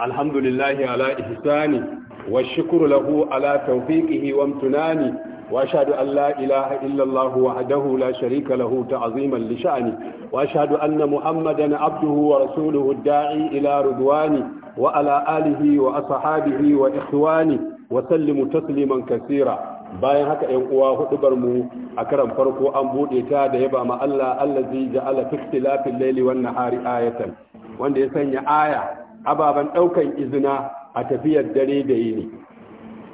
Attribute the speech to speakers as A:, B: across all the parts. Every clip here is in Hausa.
A: alhamdulillahi ala ihsani wa shukru lahu ala tawfiqihi wa imtinani وأشهد أن لا إله إلا الله وحده لا شريك له تعظيما لشأنه وأشهد أن محمدا عبده ورسوله الداعي إلى رضوانه وعلى آله وأصحابه وإخوانه وسلم تسليما كثيرا bayan haka ‘yan uwa hudubar mu a karan farko an buɗe ta da yaba ma Allah allazi ja'ala fi ikhtilafil laili wan nahari wanda ya sanya aya ababen ɗaukan izina a tafiyar dare da yini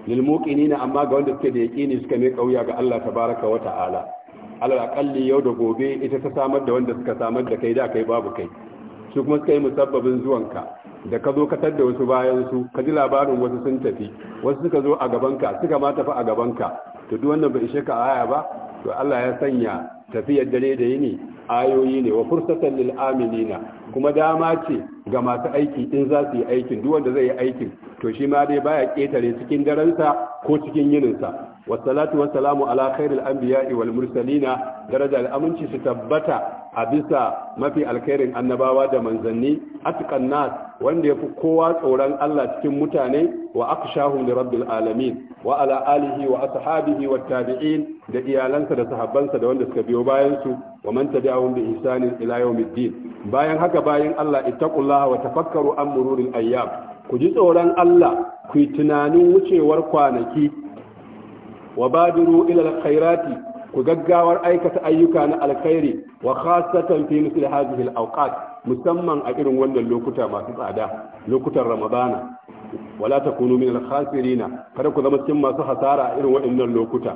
A: lilmuƙini na amma ga wanda suke da yaƙini suka ne ƙauya ga Allah baraka wa ta'ala alal yau da gobe ita ta samar da wanda suka samar da kai da kai babu kai su kuma suka yi musabbabin zuwanka da ka zo katar da wasu bayan su ka ji labarin wasu sun tafi wasu suka zo a gabanka suka ma tafi a gabanka to duk wannan bai ishe ka aya ba to Allah ya sanya tafiyar dare da yini ayoyi ne wa fursatan lil aminina kuma dama ce ga masu aiki in za su yi aikin duk wanda zai yi aikin to shi ma dai baya ketare cikin daransa ko cikin yininsa wasalatu wassalamu ala khairil anbiya'i wal mursalina daraja al aminci su tabbata a bisa mafi alkhairin annabawa da manzanni atqan nas wanda yafi kowa tsoron Allah cikin mutane wa akshahu li rabbil alamin wa ala alihi wa ashabihi wa tabi'in da iyalansa da sahabbansa da wanda suka biyo bayan su wa man tabi'ahum bi ihsanin ila yawmiddin bayan haka bayan Allah ittaqullaha wa tafakkaru an mururil ayyam ku ji tsoron Allah ku yi tunanin wucewar kwanaki wa badiru ila alkhairati ku gaggawar aikata ayyuka na alkhairi wa khasatan fi misli hadhihi al-awqat musamman a irin wannan lokuta masu tsada lokutan ramadana wala takunu min al-khasirina kada ku zama cikin masu hasara a irin waɗannan lokuta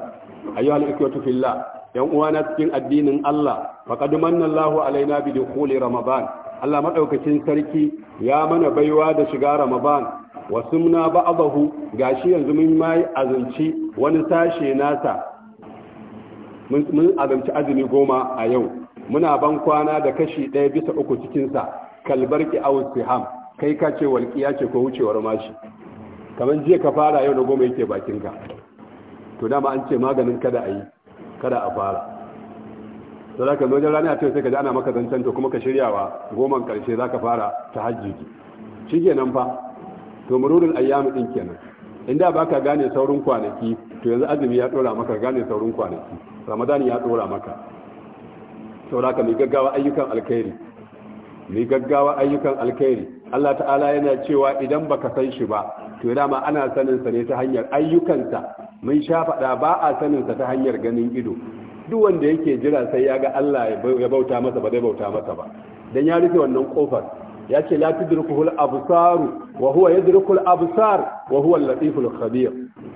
A: ayyuhal ikwatu fillah yan uwana cikin addinin Allah faqad manna alaina bi dukhuli ramadan Allah madaukakin sarki ya mana baiwa da shiga ramadan wasu na gashi yanzu mun mai azunci wani sashe nasa mun azanci azumi goma a yau muna ban kwana da kashi ɗaya bisa uku cikinsa kalbarki a ham kai ka ce walƙiya ce ko wucewar mashi kamar jiya ka fara yau na goma yake bakinka to dama an ce maganin kada a yi kada a fara To za ka wajen rana a sai ka ji ana maka zancen to kuma ka shiryawa goman karshe ka fara ta ki shi kenan fa to mururin ayyamu din kenan inda ka gane saurin kwanaki to yanzu azumi ya ɗora maka gane saurin kwanaki ramadan ya dora maka sauraka mai gaggawa ayyukan alkhairi mai gaggawa ayyukan alkhairi Allah ta'ala yana cewa idan baka san shi ba to dama ana saninsa ne ta hanyar ayyukansa mun sha ba a sanin ta hanyar ganin ido duk wanda yake jira sai ya ga Allah ya bauta masa ba zai bauta masa ba dan ya rufe wannan kofar ya ce la tudrikuhul absaru wa huwa yadrikul absar wa huwa al-latiful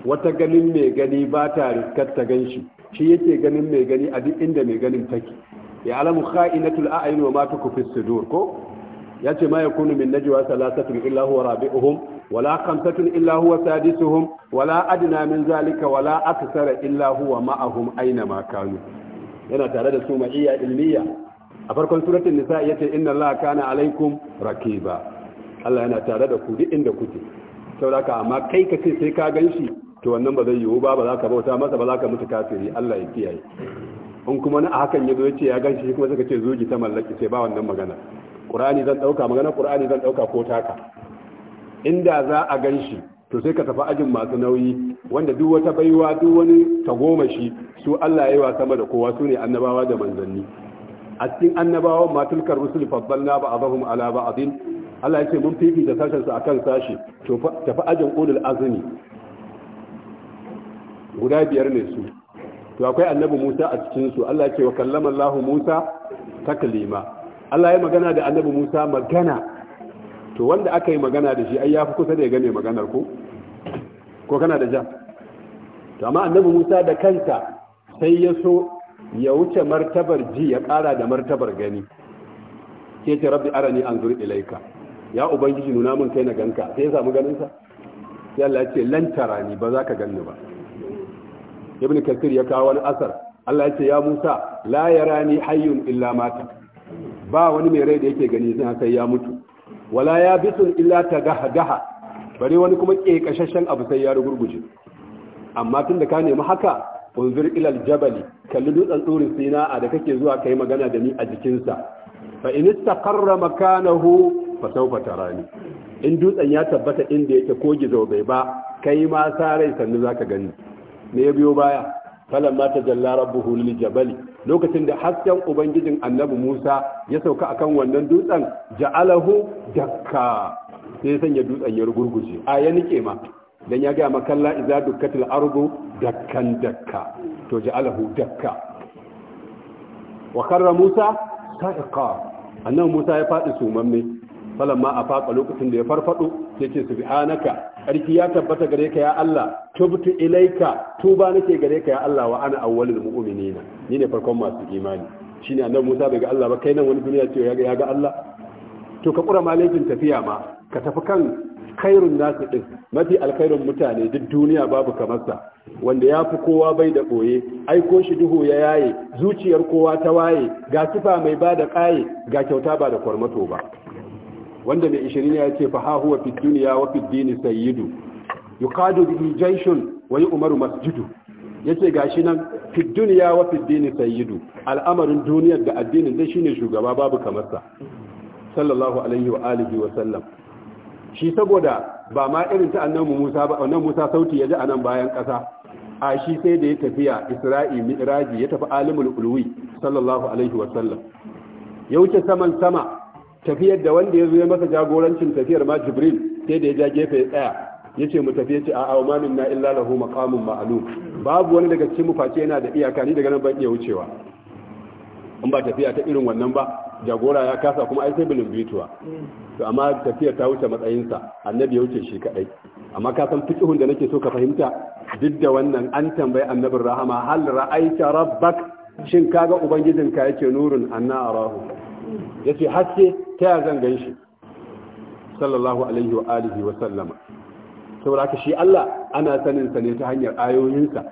A: wata ganin mai gani ba ta riskar ta ganshi shi yake ganin mai gani a duk inda mai ganin take ya alamu kha'inatul a'yun wa ma tukfi sudur ko yace ma yakunu min najwa thalathatun illa huwa rabi'uhum wala khamsatun illa huwa sadisuhum wala adna min zalika wala akthara illa huwa ma'ahum aina ma kanu yana tare da su ma'iyya ilmiya a farkon suratul nisa yace inna allaha kana alaikum rakiba Allah yana tare da ku duk inda kuke saboda amma kai ka ce sai ka ganshi to wannan ba zai yiwu ba ba za ka bauta masa ba za ka mutu kafiri Allah ya kiyaye in kuma na hakan ya zo ya ce ya ganshi shi kuma suka ce zogi ta mallaki sai ba wannan magana qur'ani zan dauka magana qur'ani zan ɗauka ko taka inda za a ganshi to sai ka tafi ajin masu nauyi wanda duk wata baiwa duk wani tagomashi su Allah ya yi wa sama da kowa su ne annabawa da manzanni a cikin annabawa ma tulkar rusul faddalna ba'dahum ala ba'din Allah ya ce mun fifita sashen su akan sashi to tafi ajin ulul azmi guda biyar ne su to akwai annabi Musa a cikin su Allah ya ce wa kallama Allah Musa taklima Allah ya magana da annabi Musa magana to wanda aka yi magana da shi ai ya fi kusa da ya gane maganar ko ko kana da ja to amma annabi Musa da kanta sai ya so ya wuce martabar ji ya kara da martabar gani ke ce rabbi arani anzur ilaika ya ubangiji nuna min kai na ganka sai ya samu ganin sa sai Allah ya ce lantara ni ba za ka ganni ba ibn kasir ya kawo wani asar Allah ya ce ya Musa la yarani hayyun illa mata ba wani mai rai da yake gani sai sai ya mutu wala ya bisun illa daha bare wani kuma kekashashen abu sai ya rugurguje amma tunda ka nemi haka unzur ilal jabali kalli dutsen tsurin sina'a da kake zuwa kai magana da ni a jikinsa fa in istaqarra makanahu fa sawfa tarani in dutsen ya tabbata inda yake ko gizo bai ba kai ma sa rai sannu zaka gani me ya biyo baya falan ma ta jalla rabbuhu lil jabali lokacin da hasken ubangijin annabi Musa ya sauka akan wannan dutsen ja'alahu dakka sai sanya dutsen ya rugurguje a ya nike ma dan ya ga makalla idza dukkatil ardu dakkan dakka to ja'alahu dakka wa karra Musa sa'iqa annabi Musa ya fadi sumamme falan ma a faɗa lokacin da ya farfado sai ce subhanaka ƙarfi ya tabbata gare ka ya Allah tubtu ilaika tuba nake gare ka ya Allah wa ana awwalul mu'minina ni ne farkon masu imani shine annabi Musa bai ga Allah ba kai nan wani duniya ce ya ga ya ga Allah to ka kura malakin tafiya ma ka tafi kan khairun nasu din mafi alkhairun mutane duk duniya babu kamarsa wanda ya fi kowa bai da ɓoye aiko shi duhu ya yaye zuciyar kowa ta waye ga sifa mai ba da ƙaye ga kyauta ba da kwarmato ba wanda mai ishirin ya ce fa huwa fi duniya wa fi dini sayyidu yuqadu bi jayshun wa Umaru masjidu yace gashi nan fi duniya wa fi dini sayyidu al'amarin duniyar da addinin dai shine shugaba babu kamar sa sallallahu alaihi wa alihi wa sallam shi saboda ba ma irin ta annabi Musa ba annabi Musa sauti yaji anan bayan kasa a shi sai da ya tafiya Isra'i Mi'raji ya tafi alimul ulwi sallallahu alaihi wa sallam ya wuce saman sama tafiyar da wanda ya zo ya masa jagorancin tafiyar ma jibril sai da ya ja gefe ya tsaya ya ce mu tafiye ce a awa na illa lahu maqamun ma'lum babu wani daga cikin mufaci yana da iyaka ni daga nan ban iya wucewa in ba tafiya ta irin wannan ba jagora ya kasa kuma ai sai bilin bituwa to amma tafiyar ta wuce matsayinsa annabi ya wuce shi kadai amma ka san fiqhun da nake so ka fahimta duk da wannan an tambayi annabin rahama hal ra'aita rabbak shin kaga ubangijinka yake nurun anna arahu yace haske ta ya zan gan shi sallallahu alaihi wa alihi wa sallama saboda haka shi Allah ana sanin sa ne ta hanyar ayoyinsa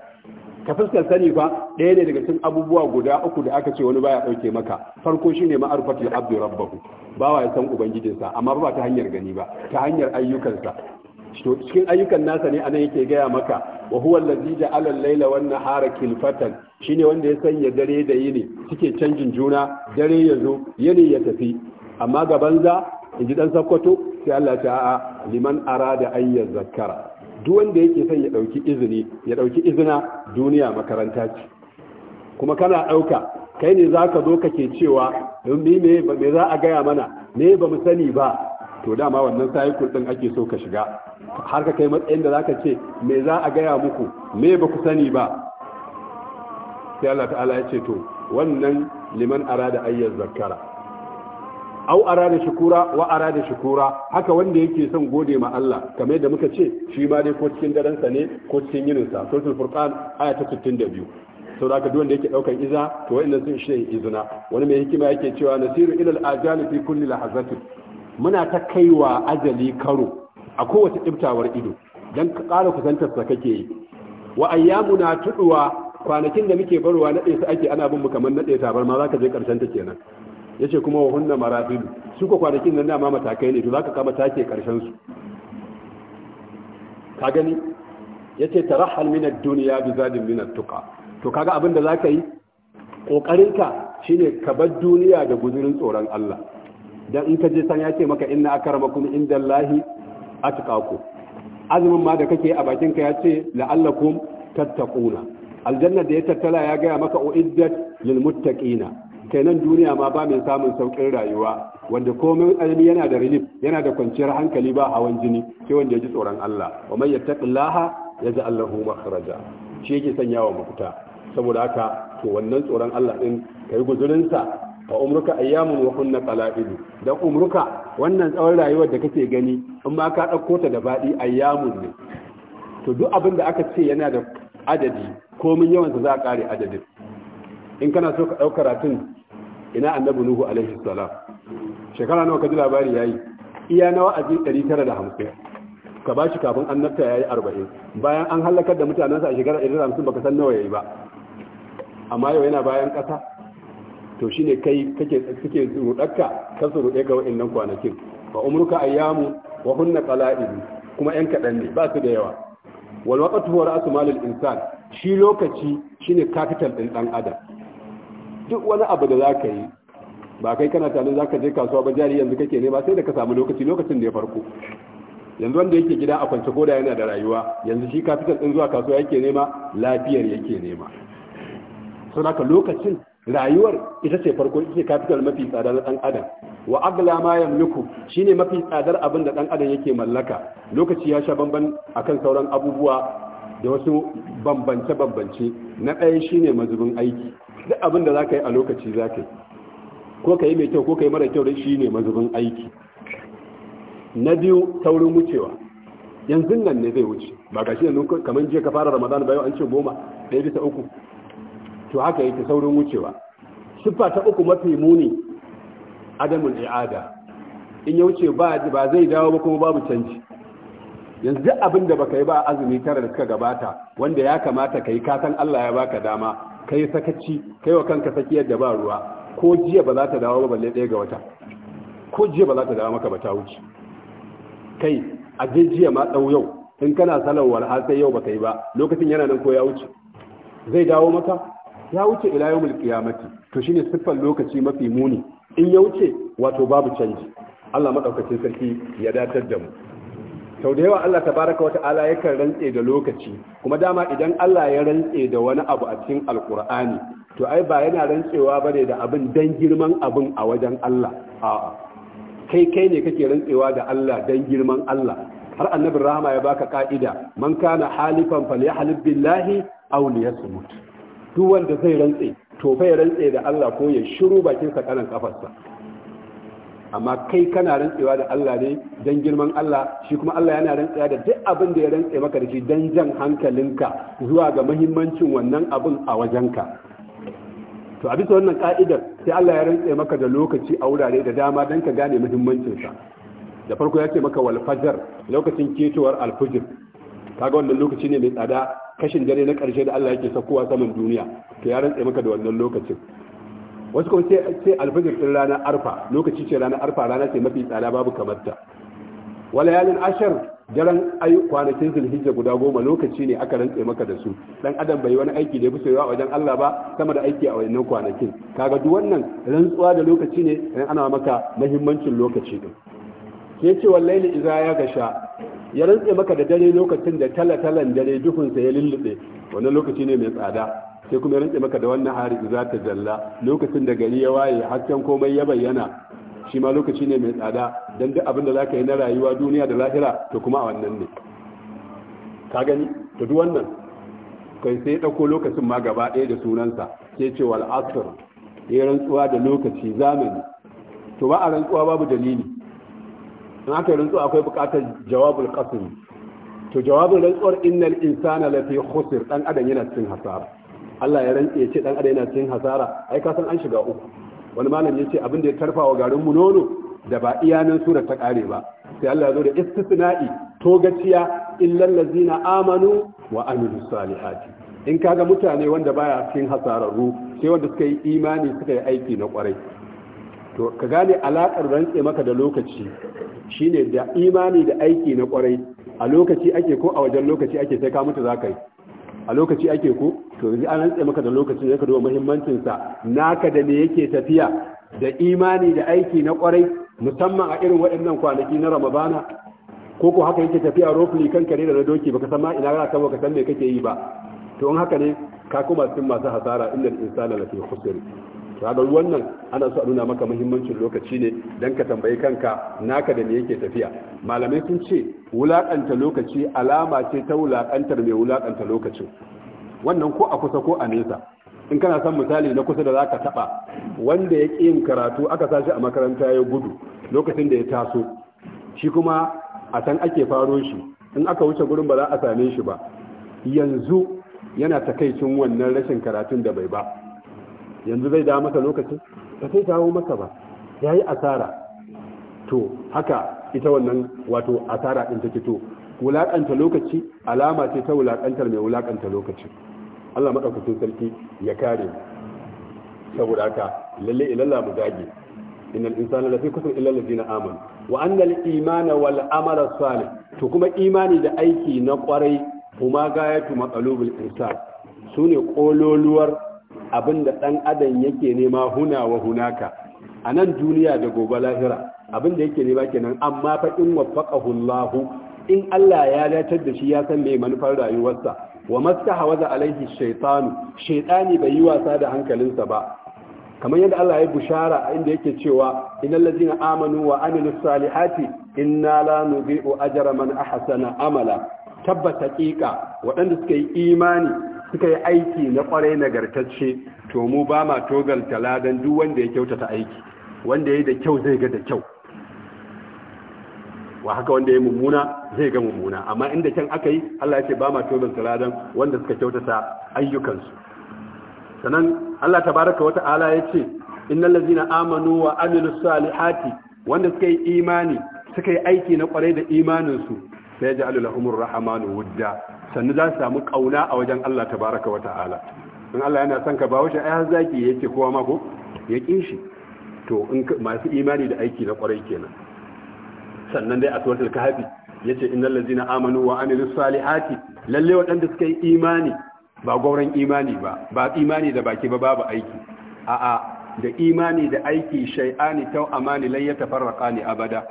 A: ka fuskar sani fa ɗaya ne daga cikin abubuwa guda uku da aka ce wani baya ɗauke maka farko shine ma'arfatul abdu rabbahu bawa ya san ubangijinsa amma ba ta hanyar gani ba ta hanyar ayyukansa to cikin ayyukan nasa ne anan yake gaya maka wa huwa allazi ja'ala al-laila wan nahara kilfatan shine wanda ya sanya dare da yini suke canjin juna dare ya zo yini ya tafi amma ga banza in ji dan sakkwato sai Allah ta a. liman arada an yazakkara duk wanda yake son ya dauki izini ya dauki izina duniya makaranta ce kuma kana dauka kai ne zaka zo kake cewa don me me za a gaya mana me ba mu sani ba to dama wannan cycle din ake so ka shiga har ka kai matsayin da zaka ce me za a gaya muku me ba ku sani ba sai Allah ta'ala ya ce to wannan liman arada ayyaz zakara au arada shukura wa arada shukura haka wanda yake son gode ma Allah kamar yadda muka ce shi ma dai ko cikin daren sa ne ko cikin yinin sa suratul furqan aya ta 62 saboda duk wanda yake daukar iza to nan sun shi izina wani mai hikima yake cewa nasiru ilal ajali fi kulli lahazatin muna ta kaiwa ajali karo a kowace ibtawar ido don ƙara kusantar sa kake yi wa ayyamuna tuduwa kwanakin da muke barwa naɗe su ake ana bin mu kamar ɗaya tabar ma zaka je karshen ta kenan yace kuma wa hunna maradil su ko kwanakin nan dama matakai ne to zaka kama take karshen su ka gani yace tarahal min ad-dunya bi zadin min at-tuqa to kaga abin da zaka yi kokarin ka shine ka bar duniya da guzurin tsoron Allah dan in ka je san ya ce maka inna akramakum indallahi atqaku azumin ma da kake a bakin ka ya ce la'allakum tattaquna aljanna da ya tattala ya gaya maka uiddat lil muttaqina kenan duniya ma ba mai samun saukin rayuwa wanda komai alimi yana da rilif, yana da kwanciyar hankali ba hawan jini sai wanda ya ji tsoron Allah wa man yattaqillaha yaj'al lahu makhraja shi yake sanyawa mafita saboda haka to wannan tsoron Allah din kai guzurinsa wa umruka ayyamun wa kunna qalaidu da umruka wannan tsawon rayuwar da kake gani in ma ka dauko ta da badi ayyamun ne to duk abin da aka ce yana da adadi komin yawan sa za ka kare adadin in kana so ka dauka karatun ina annabi nuhu alaihi salam shekara nawa ka ji labari yayi iya na wa'azi 950 ka bashi kafin annabta yayi 40 bayan an halakar da mutanansa a shekara ba baka san nawa yayi ba amma yau yana bayan kasa to shi ne kai kake rudakka ka su rude ga wa'annan kwanakin ba umruka ayyamu wa hunna qala'id kuma yan kaɗan ne ba su da yawa wal waqtu huwa ra'su malil insan shi lokaci shine capital din dan adam duk wani abu da zaka yi ba kai kana za zaka je kasuwa ba jari yanzu kake ne ba sai da ka samu lokaci lokacin da ya farko yanzu wanda yake gida a kwance koda yana da rayuwa yanzu shi kafital ɗin zuwa kasuwa yake nema lafiyar yake nema saboda lokacin rayuwar ita ce farko ita ce capital mafi tsadar dan adam wa abla ma yamliku shine mafi tsadar abin da dan adam yake mallaka lokaci ya sha banban akan sauran abubuwa da wasu bambance bambance na ɗaya shine mazubin aiki duk abin da zaka yi a lokaci zaka yi ko kai mai kyau ko kai mara kyau shine mazubin aiki na biyu taurin wucewa yanzu nan ne zai wuce ba gashi yanzu kamar jiya ka fara ramadan yau an ce goma ɗaya bisa uku to haka yake saurin wucewa siffa ta uku mafi muni adamul i'ada in ya wuce ba ba zai dawo ba kuma babu canji yanzu abin da baka yi ba azumi tara da suka gabata wanda ya kamata kai ka san Allah ya baka dama kai sakaci kai wa kanka sakiyar da ba ruwa ko jiya ba za ta dawo ba balle ga wata ko jiya ba za ta dawo maka ba ta wuce kai a jiya ma dau yau in kana salawar har sai yau baka yi ba lokacin yana nan ko ya wuce zai dawo maka ya wuce ila yawmul qiyamati to shine siffar lokaci mafi muni in ya wuce wato babu canji Allah madaukakin sarki ya datar da mu sau da yawa Allah tabaraka wa ta'ala yakan rantse da lokaci kuma dama idan Allah ya rantse da wani abu a cikin alkur'ani to ai ba yana rantsewa ba ne da abin dan girman abin a wajen Allah a'a kai kai ne kake rantsewa da Allah dan girman Allah har annabi rahama ya baka ka'ida man kana halifan falyahlib billahi aw liyasmut duk wanda zai rantse to fa ya rantse da Allah ko ya shiru bakin sa kanan kafarsa amma kai kana rantsewa da Allah ne dan girman Allah shi kuma Allah yana rantsewa da duk abin da ya rantse maka da shi dan jan hankalinka zuwa ga muhimmancin wannan abin a wajenka to a bisa wannan ka'idar sai Allah ya rantse maka da lokaci a wurare da dama dan ka gane muhimmancin sa da farko ya ce maka wal fajr lokacin ketowar al fajr kaga wannan lokaci ne mai tsada kashin dare na ƙarshe da Allah yake sakowa saman duniya to ya tsaye maka da wannan lokacin wasu kuma sai alfajir din rana arfa lokaci ce rana arfa rana ce mafi tsada babu kamar ta wala yalin ashar daren kwanakin zulhijja guda goma lokaci ne aka rantse maka da su dan adam bai wani aiki da ya fi a wajen Allah ba sama da aiki a wannan kwanakin kaga duk wannan rantsuwa da lokaci ne dan ana maka muhimmancin lokaci din sai ce wallahi idza ya gasha ya rantse maka da dare lokacin da talatalan dare duhunsa ya lullube wannan lokaci ne mai tsada sai kuma ya rantse maka da wannan hari za ta zalla lokacin da gari ya waye hasken komai ya bayyana shi ma lokaci ne mai tsada don duk abin da za ka yi na rayuwa duniya da lahira to kuma a wannan ne ka gani to duk wannan kai sai ya ɗauko lokacin ma gaba ɗaya da sunansa sai ce wal asr ya rantsuwa da lokaci zamani to ba a rantsuwa babu dalili in aka rantsuwa akwai bukatar jawabul qasm to jawabin rantsuwar innal insana lafi khusr dan adam yana cikin hasara Allah ya rantse ce dan adam yana cikin hasara ai ka san an shiga uku wani malam ya ce abin da ya tarfawa garin mu nono da ba iyanan sura ta kare ba sai Allah ya zo da istisna'i togaciya illal ladzina amanu wa amilus salihati in kaga mutane wanda baya cikin hasararru sai wanda suka yi imani suka yi aiki na kwarai to ka gane alaƙar rantse maka da lokaci shine da imani da aiki na kwarai a lokaci ake ko a wajen lokaci ake sai ka mutu za ka yi a lokaci ake ko to yanzu an rantse maka da lokaci ya ka duba na naka da me yake tafiya da imani da aiki na kwarai musamman a irin waɗannan kwanaki na ramadana ko ko haka yake tafiya rofli kan kare da doki baka san ma ina za ka ka san me kake yi ba to in haka ne ka kuma sun masu hasara inda insana lafi khusr kaga wannan ana so a nuna maka muhimmancin lokaci ne dan ka tambayi kanka naka da me yake tafiya malamai sun ce wulakanta lokaci alama ce ta wulakantar mai wulakanta lokacin wannan ko a kusa ko a nesa in kana son misali na kusa da zaka taba wanda ya ƙi yin karatu aka sashi a makaranta ya gudu lokacin da ya taso shi kuma a san ake faro shi in aka wuce gurin ba za a same shi ba yanzu yana takaicin wannan rashin karatun da bai ba yanzu zai dawo maka lokacin ba sai dawo maka ba ya yi asara to haka ita wannan wato asara ɗin take to wulaƙanta lokaci alama ce ta wulaƙantar mai wulaƙanta lokaci Allah maɗaukacin sarki ya kare saboda haka lalle ilalla mu dage in innal insana lafi kusur illa allazina amanu wa annal imana wal amala salih to kuma imani da aiki na kwarai kuma gayatu matsalubul insan sune kololuwar abinda ɗan adam yake nema huna wa hunaka a nan duniya da gobe lahira abinda yake nema kenan amma fa in waffaqahullahu in Allah ya datar da shi ya san me manufar rayuwarsa wa mastaha wa alaihi shaytanu shaytani bai yi wasa da hankalinsa ba kamar yadda Allah ya bushara inda yake cewa innal ladina amanu wa amilus salihati inna la nudhi'u ajra man ahsana amala tabbata haqiqa waɗanda suka yi imani suka yi aiki na kwarai nagartacce to mu ba ma togalta ladan duk wanda ya kyautata aiki wanda ya yi da kyau zai ga da kyau wa haka wanda ya mummuna zai ga mummuna amma inda kyan aka yi Allah ya ce ba ma togalta ladan wanda suka kyautata ayyukansu sannan Allah baraka wata ala ya ce innan lazina amanu wa amilu salihati wanda suka yi imani suka yi aiki na kwarai da imaninsu sai ji alulahumur rahamanu Wujja, sannu za su samu ƙauna a wajen Allah Ta baraka wa ta'ala in Allah yana son ka ba wuce ai har zaki yake kowa mako ya ƙin shi to masu imani da aiki na ƙwarai kenan sannan dai a ya ce yace lalzi na amanu wa amilus salihati lalle waɗanda suka yi imani ba gauran imani ba ba imani da baki ba babu aiki a'a da imani da aiki shai'ani tau amani lan ni abada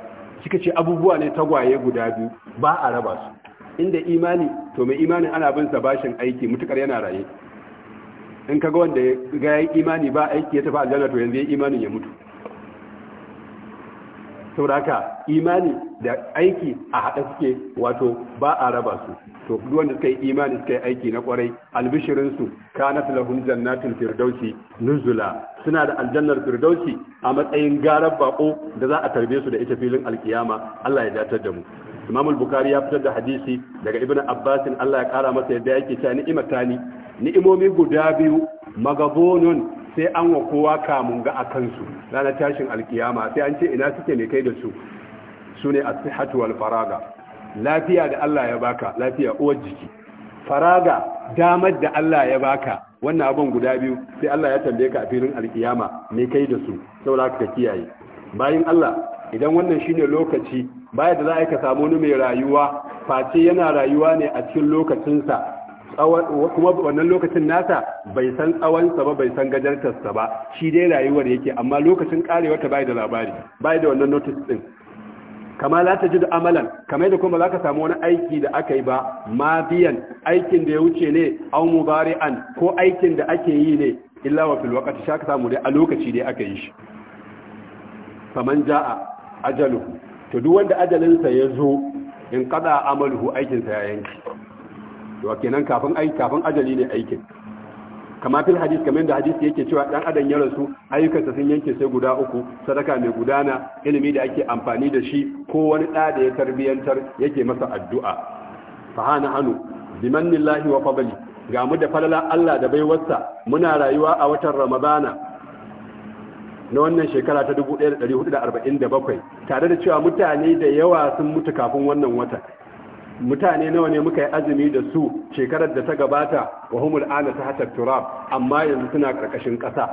A: suka ce abubuwa ne tagwaye guda biyu ba a raba su inda imani to mai imanin ana bin sa bashin aiki mutukar yana raye in kaga wanda ga yi imani ba aiki ya tafi aljanna to yanzu ya imanin ya mutu saboda haka imani da aiki a haɗa suke wato ba a raba su to duk wanda suka yi imani suka yi aiki na kwarai albishirin su kana lahum jannatin firdausi nuzula suna da aljannar firdausi a matsayin garar bako da za a tarbe su da ita filin alkiyama Allah ya datar da mu Imam al-Bukhari ya fitar da hadisi daga Ibn Abbas Allah ya kara masa yadda yake cewa ni, ni'imomi guda biyu magabonun sai an wa kowa kamun ga akan su ranar tashin alkiyama sai an ce ina suke ne kai da su sune ne sihhatu wal faraga lafiya da Allah ya baka lafiya uwar jiki faraga damar da Allah ya baka wannan abin guda biyu sai Allah ya tambaye ka a filin alkiyama me kai da su saboda ka kiyaye bayan Allah idan wannan shine lokaci baya da za a ka samu wani mai rayuwa face yana rayuwa ne a cikin lokacinsa kuma wannan lokacin nasa bai san tsawonsa ba bai san gajartarsa ba shi dai rayuwar yake amma lokacin karewa ta bai da labari bai da wannan notice din kama ji da amalan kama da kuma za ka samu wani aiki da aka yi ba ma biyan aikin da ya wuce ne aw mubari'an ko aikin da ake yi ne illa wa fil waqti shaka samu dai a lokaci dai aka yi shi faman jaa ajalu, to duk wanda ajalinsa ya zo in kada aikin aikinsa ya yanki to kenan kafin aiki kafin ajali ne aikin kama fil hadis kamar da hadisi yake cewa dan adam ya rasu ayyukansa sun yanke sai guda uku sadaka mai gudana ilimi da ake amfani da shi ko wani da da ya tarbiyantar yake masa addu'a fahana anu bimannillahi wa fadli ga mu da falala Allah da baiwarsa muna rayuwa a watan Ramadana na wannan shekara ta 1447 tare da cewa mutane da yawa sun mutu kafin wannan watan mutane nawa ne muka yi azumi da su shekarar da ta gabata wa humul ana ta hatar turab amma yanzu suna karkashin ƙasa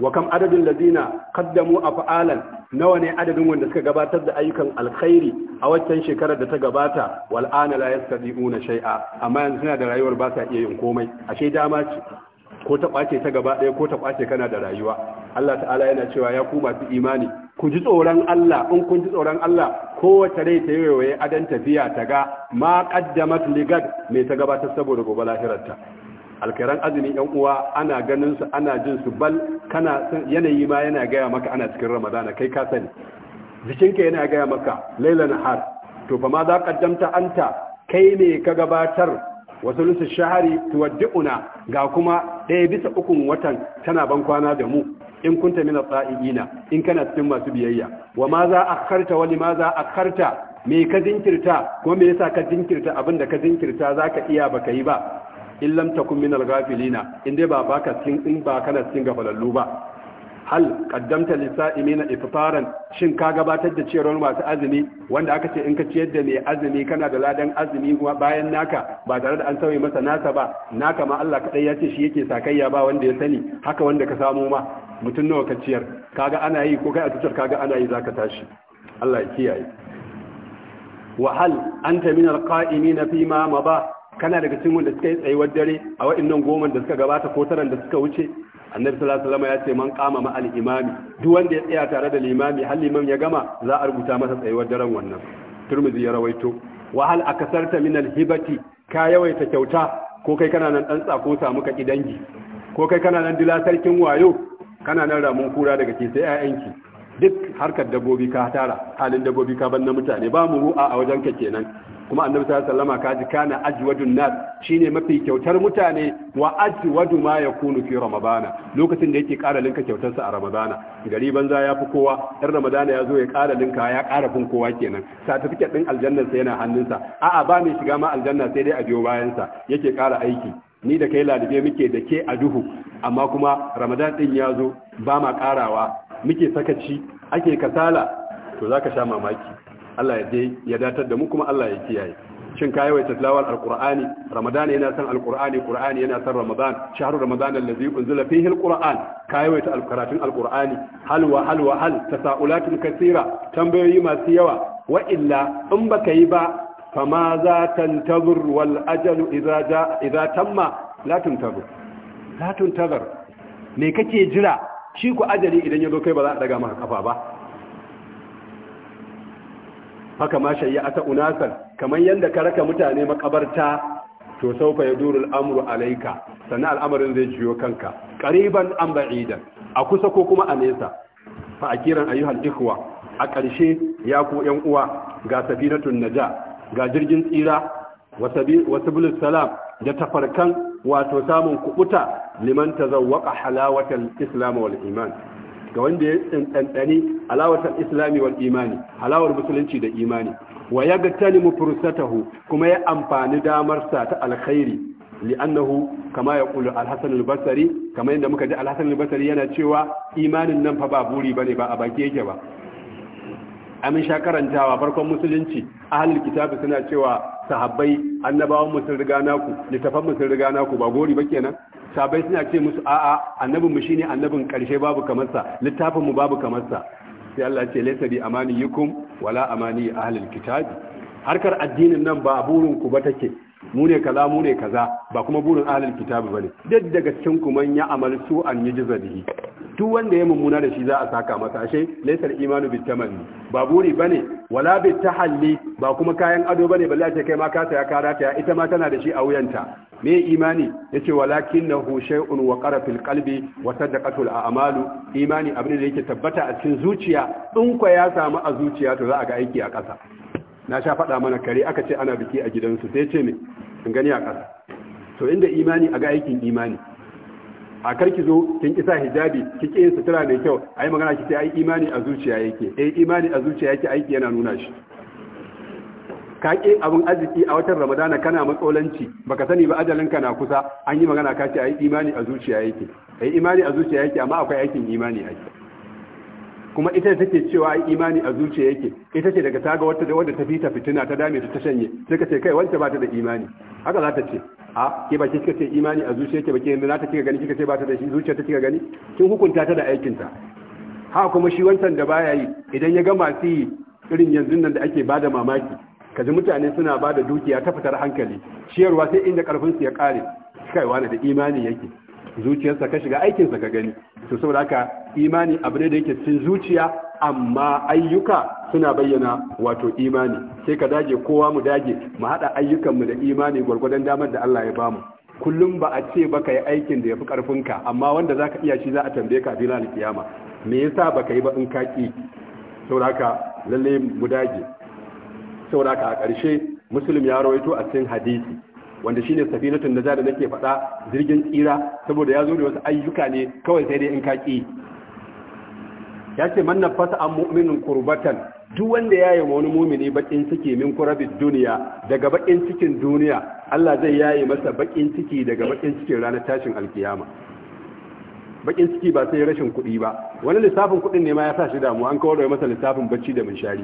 A: wa kam adadin kaddamu a af'alan nawa ne adadin wanda suka gabatar da ayyukan alkhairi a waccan shekarar da ta gabata wal ana la yastadiuna shay'a amma yanzu suna da rayuwar ba sa iya yin komai ashe dama ce ko ta kwace ta gaba ɗaya ko ta kwace kana da rayuwa Allah ta'ala yana cewa ya ku masu imani ku ji tsoron Allah in kun ji tsoron Allah kowace rai ta yi yawaye adan tafiya ta ga ma kaddamat ligad me ta gabatar saboda gobe lahirarta alkairan azumi yan uwa ana ganin su ana jin su bal kana yanayi ma yana gaya maka ana cikin ramadana kai ka sani jikinka yana gaya maka lailan har to fa ma za qaddamta anta kai ne ka gabatar wa sulusu shahari tuwaddi'una ga kuma ɗaya bisa ukun watan tana ban kwana da mu in kunta min sa'iina in kana cikin masu biyayya wa ma za akharta wa ma za akharta me ka jinkirta ko me yasa ka jinkirta abin da ka jinkirta zaka iya baka yi ba in lam takun min al-ghafilina in dai ba baka cikin in ba kana cikin gafalallu ba hal qaddamta lisa'imina iftaran shin ka gabatar da ciyarwar masu azumi wanda aka ce in ka ciyar da mai azumi kana da ladan azumi kuma bayan naka ba tare da an sauye masa nasa ba naka ma Allah kadai ya ce shi yake sakayya ba wanda ya sani haka wanda ka samu ma mutum nawa ka ciyar kaga ana yi ko kai a tutar kaga ana yi zaka tashi Allah ya kiyaye wa hal anta min alqa'imin fi ma mada kana daga cikin wanda suka yi tsayuwar dare a wa'annan goma da suka gabata ko taran da suka wuce annabi sallallahu alaihi ya ce man kama ma al imami duk wanda ya tsaya tare da limami hal limam ya gama za a rubuta masa tsayuwar daren wannan turmizi ya rawaito wa hal akasarta min al hibati ka yawaita kyauta ko kai kana nan dan tsako samu ka kidangi ko kai kana nan dila sarkin wayo kana nan ramun kura daga ke sai ayyanki duk harkar dabbobi ka tara halin dabbobi ka ban na mutane ba mu ru'a a wajen ka kenan kuma annabi sallallahu alaihi wasallam kaji kana ajwadun nas shine mafi kyautar mutane wa ajwadu ma yakunu fi ramadana lokacin da yake ƙara linka kyautar sa a ramadana gari banza ya fi kowa dan ramadana ya zo ya ƙara linka ya ƙara fin kowa kenan certificate din Aljanna sai yana hannunsa a'a ba mai shiga ma aljanna sai dai a biyo bayan sa yake ƙara aiki ni da kai ladibe muke da ke a duhu amma kuma ramadan din ya zo ba ma ƙarawa muke sakaci ake kasala to zaka sha mamaki Allah ya je ya datar da mu kuma Allah ya kiyaye shin ka yawaita tilawar alqur'ani ramadan yana san alqur'ani qur'ani yana san ramadan shahru ramadan allazi unzila fihi alqur'an ka yawaita alkaratun alqur'ani halwa halwa hal tasaulatun kaseera tambayoyi masu yawa wa illa in baka yi ba fama za tantazur wal ajalu idza idza tamma la la me kake jira shi ku ajali idan ya zo kai ba za a daga maka kafa ba haka ma shayya ata unasan kamar yadda ka raka mutane makabarta to saufa ya duru al'amuru alaika sannan al'amarin zai jiyo kanka ƙariban an ba'idan a kusa ko kuma a nesa fa a kiran ayyuhan ikhwa a ƙarshe ya ku 'yan uwa ga safinatun naja ga jirgin tsira wa bulus salam da tafarkan wato samun kuɓuta liman tazawwaqa halawatal islam wal iman ga wanda ya tsantsani halawatar islami wal imani alawar musulunci da imani wa ya gattani mu fursatahu kuma ya amfani damarsa ta alkhairi li'annahu kama ya kulu alhassan albasari kama yadda muka ji alhassan albasari yana cewa imanin nan fa ba buri bane ba a baki yake ba amin sha karantawa farkon musulunci ahalul kitabi suna cewa sahabbai annabawan musul riga naku littafan musul riga naku ba gori ba kenan sabai suna ce musu a'a annabin mu shine annabin karshe babu kamarsa, littafinmu littafin mu babu kamar sa sai Allah ce laysa bi yukum wala amani ahlil kitabi harkar addinin nan ba burin ku ba take mu ne kaza mu ne kaza ba kuma burin ahlul kitabi bane duk daga cikin man ya amal su an yajza bihi duk wanda ya mummuna da shi za a saka masa ashe laysal imanu bil tamanni ba buri bane wala bil tahalli ba kuma kayan ado bane balla ce kai ma ka saya ka ita ma tana da shi a wuyanta me imani yace walakinahu shay'un wa qara fil qalbi wa sadaqatul a'malu imani abin da yake tabbata a cikin zuciya in ko ya samu a zuciya to za a ga aiki a ƙasa na sha faɗa mana kare aka ce ana biki a gidansu sai ce me Kin gani a ƙasa to inda imani a ga aikin imani a kar ki zo kin kisa hijabi kike yin sutura mai kyau ai magana ki ce ai imani a zuciya yake eh imani a zuciya yake aiki yana nuna shi ka ke abin arziki a watan ramadana kana matsolanci baka sani ba ajalinka na kusa an yi magana ka ce ai imani a zuciya yake ai eh, imani a zuciya yake amma akwai aikin imani a kuma ita da take cewa ai imani a zuciya yake ita ce daga taga wata da wanda ta fita fitina ta dame ta ta shanye sai ka ce kai wanda ba ta da imani haka za ta ce a ke ba kika ce imani a zuciya yake ba ke za ta kika gani kika ce ba ta da shi zuciya ta kika gani kin hukunta ta da aikin ta ha kuma shi wancan da baya yi idan ya ga masu yi irin yanzu nan da ake bada mamaki kaji mutane suna bada dukiya ta fitar hankali ciyarwa sai inda karfin su ya kare kai wani da imani yake zuciyarsa ka shiga aikinsa ka gani to saboda haka imani abu ne da yake cin zuciya amma ayyuka suna bayyana wato imani sai ka dage kowa mu dage mu haɗa ayyukanmu da imani gwargwadon damar da Allah ya bamu kullum ba a ce ba ka yi aikin da ya fi ƙarfinka amma wanda za ka iya shi za a tambaye ka a filin me yasa ba ka yi ba in ka ƙi saboda haka lalle mu dage saboda haka a ƙarshe muslim ya rawaito a cikin hadisi wanda shi shine safinatun naza da nake faɗa jirgin tsira saboda ya zo da wasu ayyuka ne kawai sai dai in ka ki ya ce manna fasa an mu'minin kurbatan duk wanda ya yi wani mumini bakin ciki min kurabin duniya daga bakin cikin duniya Allah zai yayi masa bakin ciki daga bakin cikin ranar tashin alkiyama Baƙin ciki ba sai rashin kuɗi ba wani lissafin kuɗin ne ma ya sa shi damu an kawar masa lissafin bacci da munshari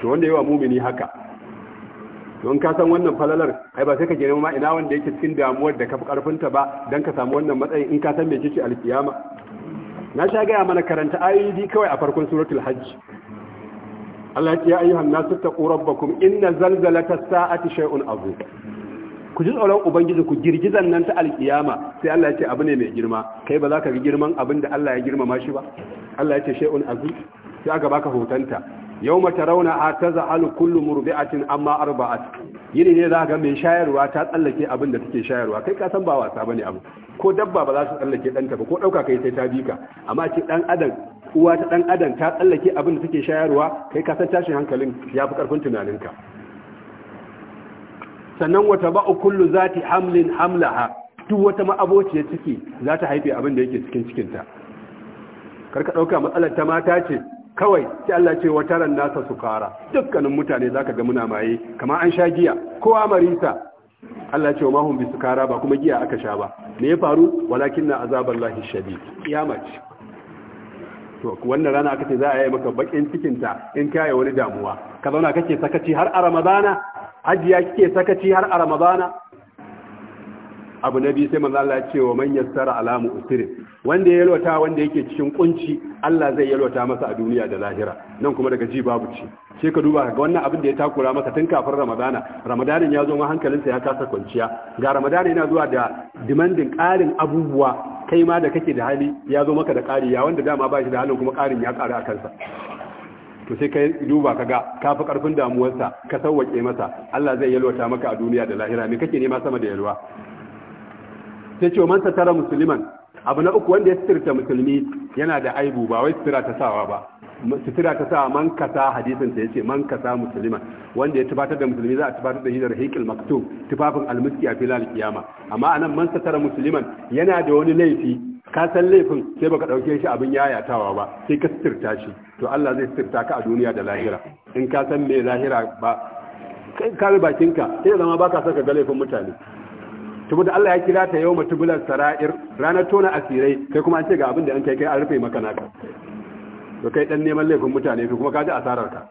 A: to wanda yawa mumini haka don ka san wannan falalar ai ba sai ka gina ma ina wanda yake cikin damuwar da ka fi karfinta ba don ka samu wannan matsayin in ka san mai kike alkiyama na sha gaya mana karanta ayoyi kawai a farkon suratul hajj Allah ya ayyuhan nasu ta rabbakum inna zalzalata sa'ati shay'un abu. ku ji tsoron ubangiji ku girgizan nan ta alkiyama sai Allah ya ce abu ne mai girma kai ba za ka ga girman abin da Allah ya girmama shi ba Allah ya ce shay'un abu sai aka baka hotanta yawma tarawna tazalu kullu murbi'atin amma arba'at yini ne zaka ga mai shayarwa ta tsallake abin da take shayarwa kai ka san ba wasa bane abu ko dabba ba za su tsallake danta ba ko dauka kai sai ta bika amma ce dan adam uwa ta dan adam ta tsallake abin da take shayarwa kai ka san tashin hankalin yafi karfin tunaninka sannan wata ba'u kullu zati hamlin hamlaha duk wata ma'abociyar ciki za ta haife abin da yake cikin cikinta karka ɗauka matsalar ta mata ce kawai sai Allah ce wata ran nasa su kara dukkanin mutane zaka ga muna maye kamar an sha giya ko marisa Allah ce wa mahum bi sukara ba kuma giya aka sha ba me ya faru walakin na Lahi shadid kiyama ce to wannan rana aka ce za a yi maka bakin cikin ta in kai wani damuwa ka zauna kake sakaci har a ramadana hajiya kike sakaci har a ramadana abu na biyu sai manzo Allah ya ce wa man yassara ala mu'sirin wanda ya yalwata wanda yake cikin kunci Allah zai yalwata masa a duniya da lahira nan kuma daga ji babu ci sai ka duba ga wannan abin da ya takura masa tun kafin Ramadana Ramadanin ya zo ma hankalinsa ya kasa kwanciya ga Ramadana yana zuwa da demanding karin abubuwa kai ma da kake da hali ya zo maka da ƙari ya wanda dama ba shi da halin kuma ƙarin ya kara a kansa to sai kai duba ka ga, ka fi karfin damuwarsa ka sauwake masa Allah zai yalwata maka a duniya da lahira me kake nema sama da yalwa sai ce man satara musulman abu na uku wanda ya sitirta musulmi yana da aibu ba wai sitira ta sawa ba sitira ta sawa man kasa hadisin ta yace man kasa musulman wanda ya tabbatar da musulmi za a tabbatar da shi da rahiqil maktub tufafin almuski a filal kiyama amma anan man satara musulman yana da wani laifi ka san laifin sai baka dauke shi abin yayatawa ba sai ka sitirta shi to Allah zai sitirta ka a duniya da lahira in ka san me lahira ba kai kare bakinka sai zama baka saka ga laifin mutane saboda Allah ya kira ta yau matubular sara'ir ranar tona asirai kai kuma an ce ga abin da an kai kai an rufe maka naka to kai dan neman laifin mutane to kuma ka ji asarar ka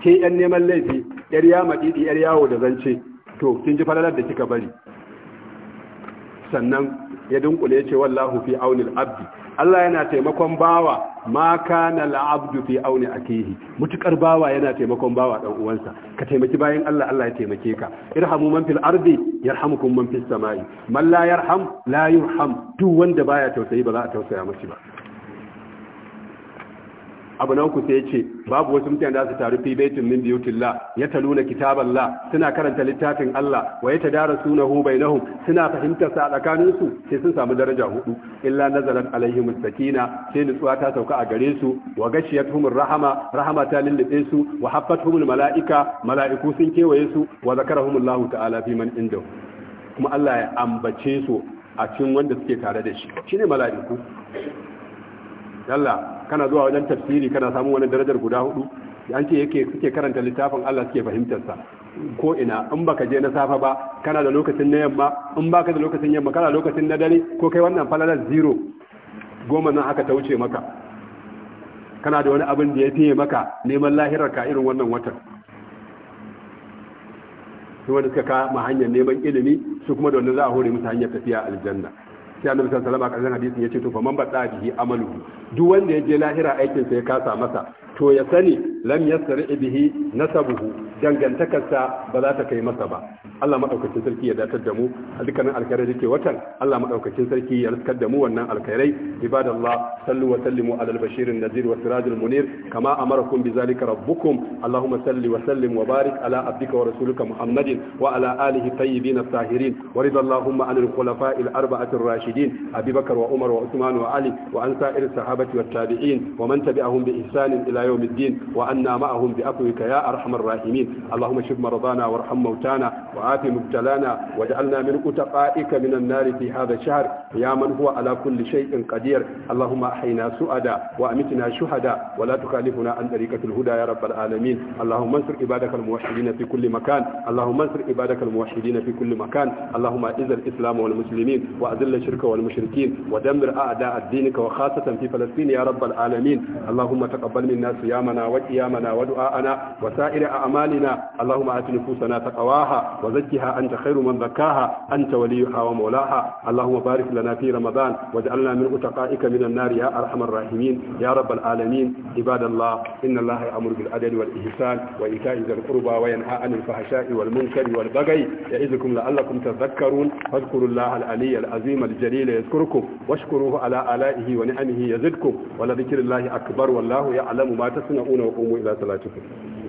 A: ke yan neman laifi yar ya madidi yar yawo da zance to kin ji falalar da kika bari sannan ya dunkule ya ce wallahu fi aunil abdi Allah yana taimakon bawa ma kana al'abdu fi auni akihi mutukar bawa yana taimakon bawa dan uwansa ka taimaki bayan Allah Allah ya taimake ka irhamu man fil ardi yarhamukum man fis samai man la yarham la yurham duk wanda baya tausayi ba za a tausaya mashi ba abu na uku sai ce babu wasu mutane da su taru fi baitin min biyutillah ya taluna kitaballah suna karanta littafin Allah wa ya tadarasunahu bainahum suna fahimtar sa tsakanin su sai sun samu daraja hudu illa nazalat alaihim sakina sai nutsuwa ta sauka a gare su wa gashiyatuhum rahama rahama ta lullube su wa haffatuhum malaika malaiku sun kewaye su wa zakarahumullahu ta'ala fi man indahu kuma Allah ya ambace su a cikin wanda suke tare da shi shine mala'iku Allah kana zuwa wajen tafsiri kana samun wani darajar guda hudu an ce yake suke karanta littafin Allah suke fahimtar sa ko ina in baka je na safa ba kana da lokacin na yamma in baka da lokacin yamma kana lokacin na dare ko kai wannan falalar zero goma nan haka ta wuce maka kana da wani abin da ya fiye maka neman lahirar ka irin wannan watan su wani suka kama hanyar neman ilimi su kuma da wani za a hore musu hanyar tafiya aljanna sai annabi sallallahu alaihi wasallam a hadisin yace to fa man bada bihi amalu duk wanda ya je lahira aikin sa ya kasa masa to ya sani lam yasri bihi nasabuhu dangantakarsa ba za ta kai masa ba Allah madaukakin sarki ya datar da mu a dukkanin alkhairai dake watan Allah madaukakin sarki ya rikar da mu wannan alkhairai ibadallah sallu wa sallimu ala al-bashir an-nazir wa siraj al-munir kama amarakum bi zalika rabbukum allahumma salli wa sallim wa barik ala abdika wa rasulika muhammadin wa ala alihi tayyibin at tahirin wa ridha allahumma an al-khulafa'i al-arba'ati ar-rashidin abi bakr wa umar wa usman wa ali wa an sa'ir sahabati wa tabiin wa man tabi'ahum bi ihsan ila yawm anna ma'ahum bi بأقوك ya arhamar rahimin المسلمين اللهم شف مرضانا وارحم موتانا وآت مبتلانا واجعلنا من أتقائك من النار في هذا الشهر يا من هو على كل شيء قدير اللهم أحينا سؤدا وأمتنا شهدا ولا تخالفنا عن طريقة الهدى يا رب العالمين اللهم انصر عبادك الموحدين في كل مكان اللهم انصر عبادك الموحدين في كل مكان اللهم أعز الإسلام والمسلمين وأذل الشرك والمشركين ودمر أعداء دينك وخاصة في فلسطين يا رب العالمين اللهم تقبل منا صيامنا وقيامنا ودعاءنا وسائر أعمالنا أعمالنا اللهم آت نفوسنا تقواها وزكها أنت خير من زكاها أنت وليها ومولاها اللهم بارك لنا في رمضان واجعلنا من أتقائك من النار يا أرحم الراحمين يا رب العالمين عباد الله إن الله يأمر بالعدل والإحسان وإيتاء ذي القربى وينهى عن الفحشاء والمنكر والبغي يعظكم لعلكم تذكرون فاذكروا الله العلي العظيم الجليل يذكركم واشكروه على آلائه ونعمه يزدكم ولذكر الله أكبر والله يعلم ما تصنعون وقوموا إلى صلاتكم